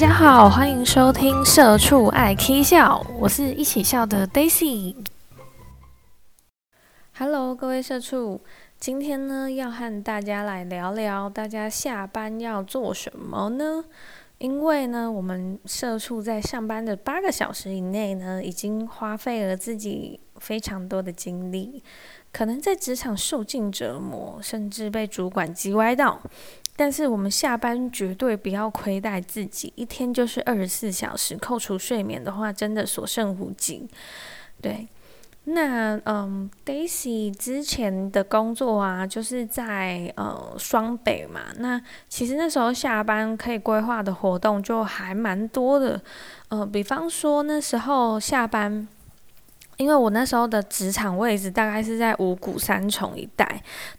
大家好，歡迎收聽《社畜愛 k 笑》，我是一起笑的 Daisy。Hello，各位社畜，今天呢要和大家來聊聊，大家下班要做什麼呢？因為呢，我們社畜在上班的八個小時以內呢，已經花費了自己非常多的精力，可能在職場受盡折磨，甚至被主管擊歪到。但是我們下班絕對不要虧待自己，一天就是二十四小時，扣除睡眠的話，真的所剩無幾。對，那嗯，Daisy 之前的工作啊，就是在呃雙北嘛。那其實那時候下班可以規劃的活動就還蠻多的，呃，比方說那時候下班。因為我那時候的職場位置大概是在五股三重一帶，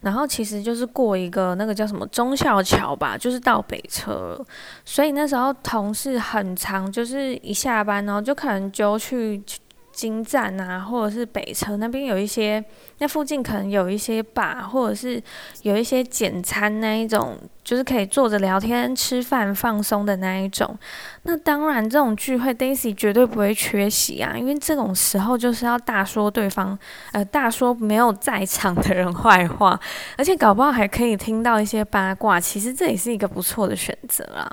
然後其實就是過一個那個叫什麼忠孝橋吧，就是到北車，所以那時候同事很常，就是一下班呢，就可能就去。京站啊，或者是北車那邊有一些，那附近可能有一些吧，或者是有一些簡餐那一種，就是可以坐着聊天、吃飯、放鬆的那一種。那當然，這種聚會 Daisy 絕對不會缺席啊，因為這種時候就是要大說對方，呃，大說沒有在場的人壞話，而且搞不好還可以聽到一些八卦。其實這也是一個不錯的選擇啊。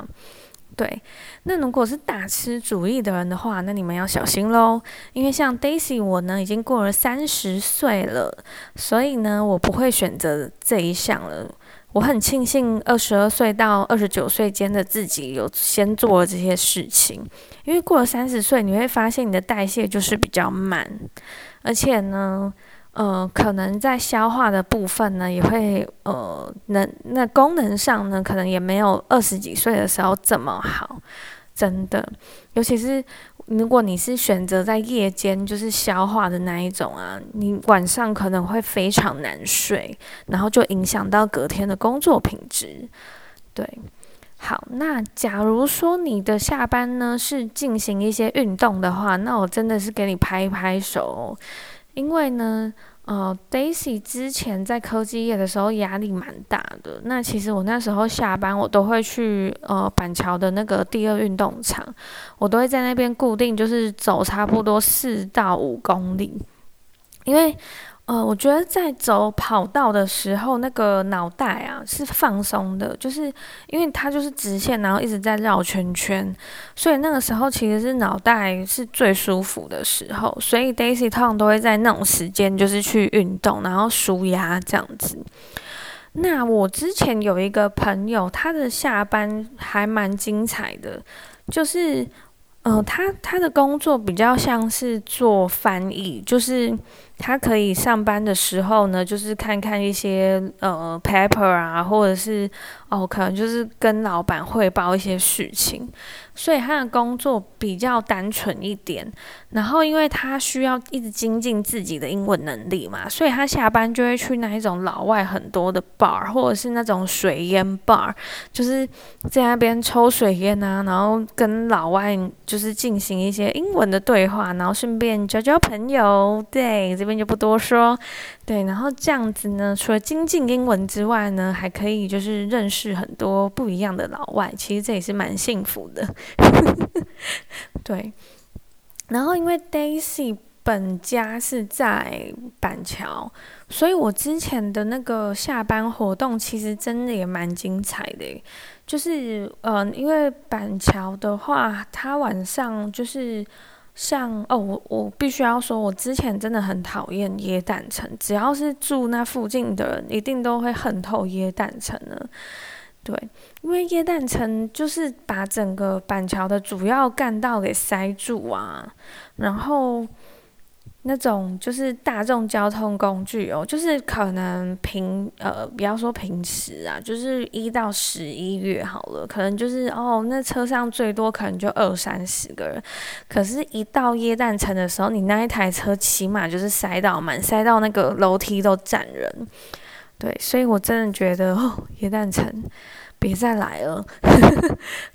對，那如果是大吃主義的人的話，那你們要小心嘍。因為像 Daisy 我呢，已經過了三十歲了，所以呢，我不會選擇這一項了。我很慶幸二十二歲到二十九歲間的自己有先做了這些事情，因為過了三十歲，你會發現你的代謝就是比較慢，而且呢。呃，可能在消化的部分呢，也會呃，能那功能上呢，可能也沒有二十幾歲的時候這麼好，真的。尤其是如果你是選擇在夜間就是消化的那一種啊，你晚上可能會非常難睡，然後就影響到隔天的工作品質。對，好，那假如說你的下班呢是進行一些運動的話，那我真的是給你拍一拍手哦。因為呢，呃，Daisy 之前在科技業的時候壓力蠻大的。那其實我那時候下班，我都會去呃板橋的那個第二運動場，我都會在那邊固定，就是走差不多四到五公里，因為。呃，我覺得在走跑道的時候，那個腦袋啊是放鬆的，就是因為它就是直線，然後一直在繞圈圈，所以那個時候其實是腦袋是最舒服的時候。所以 Daisy 通常都會在那種時間就是去運動，然後舒壓這樣子。那我之前有一個朋友，他的下班還蠻精彩的，就是。呃，他他的工作比較像是做翻譯，就是他可以上班的時候呢，就是看看一些呃 paper 啊，或者是哦，可能就是跟老闆匯報一些事情。所以他的工作比較單純一點，然後因為他需要一直精進自己的英文能力嘛，所以他下班就會去那一種老外很多的 bar，或者是那種水煙 bar，就是在那邊抽水煙啊，然後跟老外就是進行一些英文的對話，然後順便交交朋友。對，這邊就不多說。對，然後這樣子呢，除了精進英文之外呢，還可以就是認識很多不一樣的老外，其實這也是蠻幸福的。 對，然後因為 Daisy 本家是在板橋，所以我之前的那個下班活動其實真的也蠻精彩的，就是嗯、呃，因為板橋的話，他晚上就是像哦，我我必須要說，我之前真的很討厭耶誕城，只要是住那附近的人，一定都會恨透耶誕城的。對，因為耶誕城就是把整個板橋的主要幹道給塞住啊，然後那種就是大眾交通工具哦，就是可能平呃，不要說平時啊，就是一到十一月好了，可能就是哦，那車上最多可能就二三十個人，可是，一到耶誕城的時候，你那一台車起碼就是塞到滿，塞到那個樓梯都站人。對，所以我真的覺得哦，也贊成，別再來了。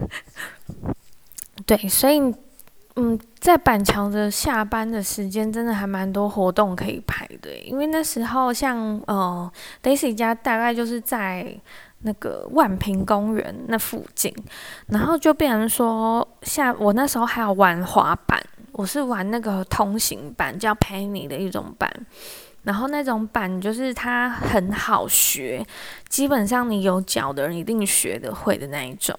對，所以，嗯，在板橋的下班的時間，真的還蠻多活動可以排隊。因為那時候像呃，Daisy 家大概就是在那個萬平公園那附近，然後就變成說下，下我那時候還有玩滑板，我是玩那個通行板，叫 Penny 的一種板。然後那種板就是它很好學，基本上你有腳的人一定學得會的那一種。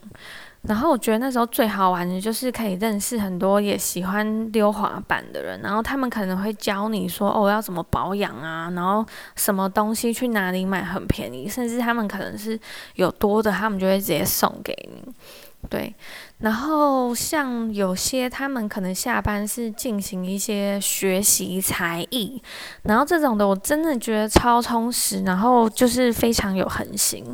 然後我覺得那時候最好玩的就是可以認識很多也喜歡溜滑板的人，然後他們可能會教你說哦，我要怎麼保養啊，然後什麼東西去哪裡買很便宜，甚至他們可能是有多的，他們就會直接送給你。對，然後像有些他們可能下班是進行一些學習才藝，然後這種的我真的覺得超充實，然後就是非常有恆心。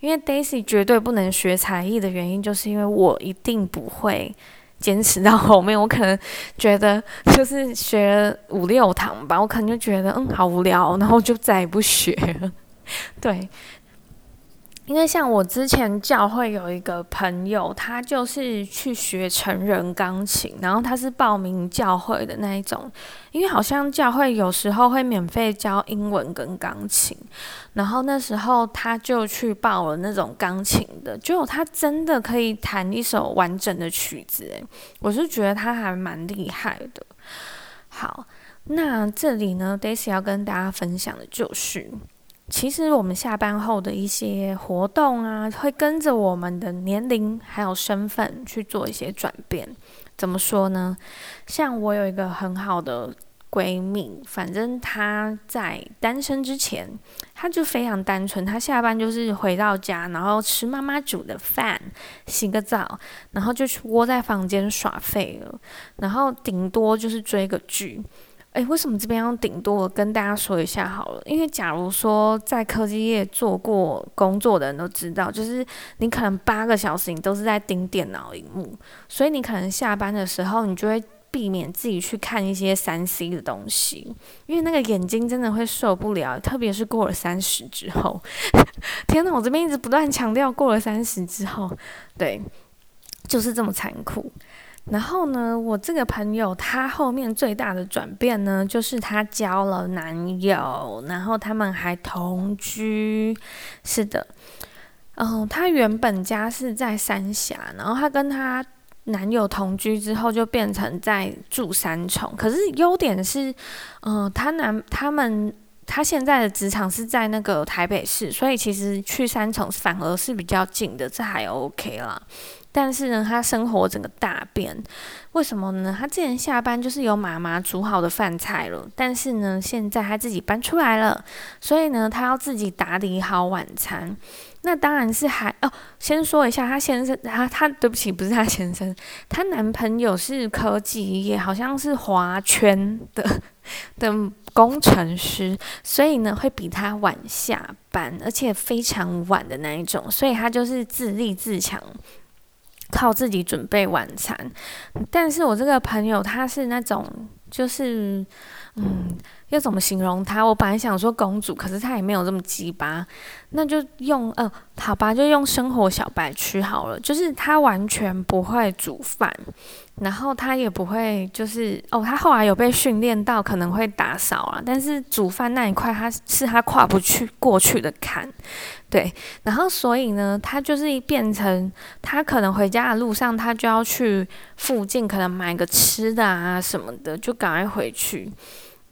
因為 Daisy 絕對不能學才藝的原因，就是因為我一定不會堅持到後面，我可能覺得就是學五六堂吧，我可能就覺得嗯，好無聊，然後就再也不學了。對。因為像我之前教會有一個朋友，他就是去學成人鋼琴，然後他是報名教會的那一種，因為好像教會有時候會免費教英文跟鋼琴，然後那時候他就去報了那種鋼琴的，就他真的可以彈一首完整的曲子，誒，我是覺得他還蠻厲害的。好，那這裡呢，Daisy 要跟大家分享的就是。其實我們下班後的一些活動啊，會跟着我們的年齡還有身份去做一些轉變。怎麼說呢？像我有一個很好的閨蜜，反正她在單身之前，她就非常單純。她下班就是回到家，然後吃媽媽煮的飯，洗個澡，然後就去窩在房間耍廢了，然後頂多就是追個劇。誒、欸，為什麼這邊要頂多跟大家說一下好了？因為假如說在科技業做過工作的人都知道，就是你可能八個小時你都是在盯電腦熒幕，所以你可能下班的時候，你就會避免自己去看一些三 C 的東西，因為那個眼睛真的會受不了，特別是過了三十之後。呵呵，天吶，我這邊一直不斷強調過了三十之後，對，就是這麼殘酷。然後呢，我這個朋友她後面最大的轉變呢，就是她交了男友，然後他們還同居，是的，嗯、呃，她原本家是在三峽，然後她跟她男友同居之後，就變成在住三重。可是優點是，嗯、呃，她男他們。他現在的職場是在那個台北市，所以其實去三重反而是比較近的，這還 OK 啦。但是呢，他生活整個大變，為什麼呢？他之前下班就是有媽媽煮好的飯菜了，但是呢，現在他自己搬出來了，所以呢，他要自己打理好晚餐。那當然是還哦，先說一下他先生，他他對不起，不是他先生，他男朋友是科技業，也好像是劃圈的的，工程師，所以呢，會比他晚下班，而且非常晚的那一種，所以他就是自立自強，靠自己準備晚餐。但是我這個朋友他是那種，就是。嗯，要怎麼形容他？我本來想說公主，可是她也沒有這麼機掰，那就用呃，好吧，就用生活小白區好了。就是她完全不會煮飯，然後她也不會就是哦，她後來有被訓練到可能會打掃啊，但是煮飯那一塊，她是她跨不去過去的坎，對。然後所以呢，她就是一變成她可能回家的路上，她就要去附近可能買個吃的啊什麼的，就趕快回去。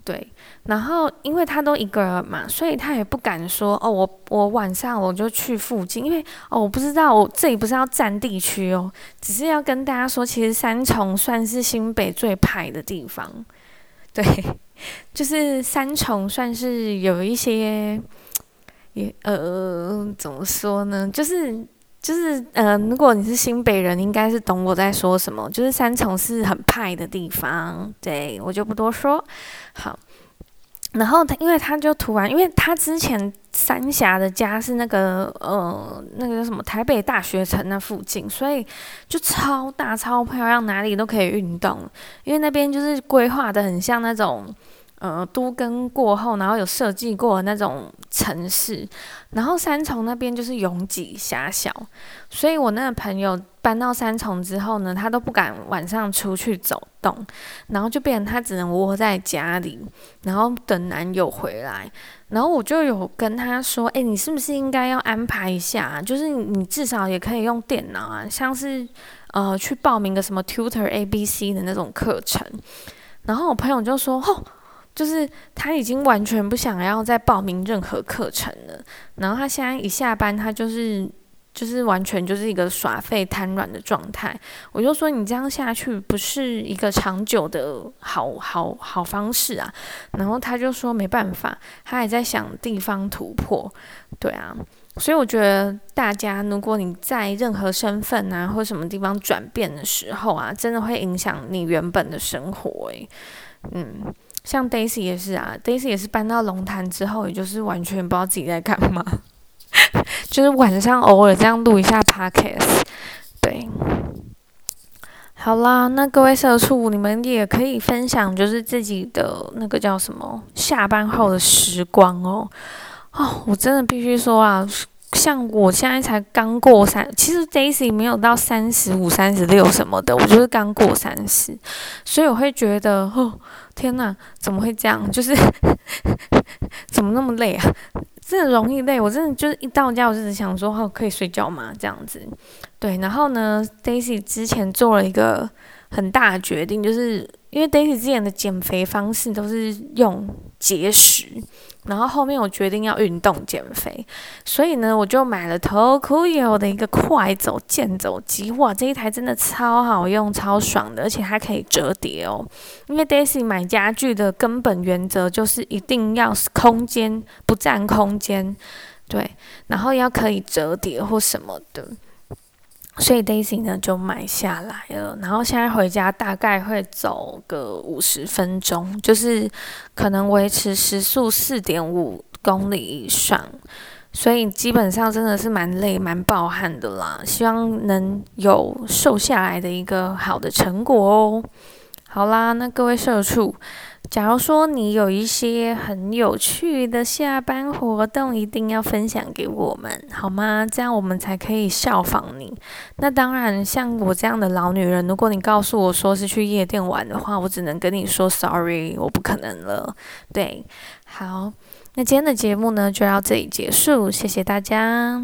對，然後因為他都一個人嘛，所以他也不敢說哦。我我晚上我就去附近，因為哦，我不知道我這裡不是要佔地區哦，只是要跟大家說，其實三重算是新北最派的地方。對，就是三重算是有一些也，也呃，怎麼說呢？就是。就是嗯、呃，如果你是新北人，應該是懂我在說什麼。就是三重是很派的地方，對，我就不多說。好，然後他因為他就突然，因為他之前三峽的家是那個呃那個叫什麼台北大學城那附近，所以就超大超漂亮，哪裡都可以運動，因為那邊就是規劃的很像那種。呃，都更過後，然後有設計過的那種城市，然後三重那邊就是擁擠狹小，所以我那個朋友搬到三重之後呢，他都不敢晚上出去走動，然後就變成他只能窩在家裡，然後等男友回來，然後我就有跟他說：“誒，你是不是應該要安排一下啊？就是你至少也可以用電腦啊，像是呃去報名個什麼 Tutor ABC 的那種課程。”然後我朋友就說：“吼、哦。”就是他已經完全不想要再報名任何課程了。然後他現在一下班，他就是就是完全就是一個耍廢癱軟的狀態。我就說你這樣下去不是一個長久的好好好方式啊。然後他就說沒辦法，他也在想地方突破。對啊，所以我覺得大家如果你在任何身份啊或什麼地方轉變的時候啊，真的會影響你原本的生活誒。嗯。像 Daisy 也是啊，Daisy 也是搬到龍潭之後，也就是完全不知道自己在幹嘛， 就是晚上偶爾這樣錄一下 podcast。對，好啦，那各位社畜，你們也可以分享，就是自己的那個叫什麼下班後的時光哦。哦，我真的必須說啊。像我現在才剛過三，其實 Daisy 沒有到三十五、三十六什麼的，我就是剛過三十，所以我會覺得哦，天哪，啊，怎麼會這樣？就是呵呵怎麼那麼累啊？真的容易累，我真的就是一到家我就只想說，哦，可以睡覺嗎，這樣子。對，然後呢，Daisy 之前做了一個。很大的決定就是，因為 Daisy 之前的減肥方式都是用節食，然後後面我決定要運動減肥，所以呢，我就買了 TOKUYO 的一個快走健走機，哇，這一台真的超好用，超爽的，而且它可以折疊哦。因為 Daisy 買家具的根本原則就是一定要是空間不佔空間，對，然後要可以折疊或什麼的。所以 Daisy 呢就買下來了，然後現在回家大概會走個五十分鐘，就是可能維持時速四點五公里以上，所以基本上真的是蠻累，蠻爆汗的啦。希望能有瘦下來的一個好的成果哦。好啦，那各位社畜，假如說你有一些很有趣的下班活動，一定要分享給我們，好嗎？這樣我們才可以效仿你。那當然，像我這樣的老女人，如果你告訴我說是去夜店玩的話，我只能跟你說 sorry，我不可能了。對，好，那今天的節目呢，就到這裡結束，謝謝大家。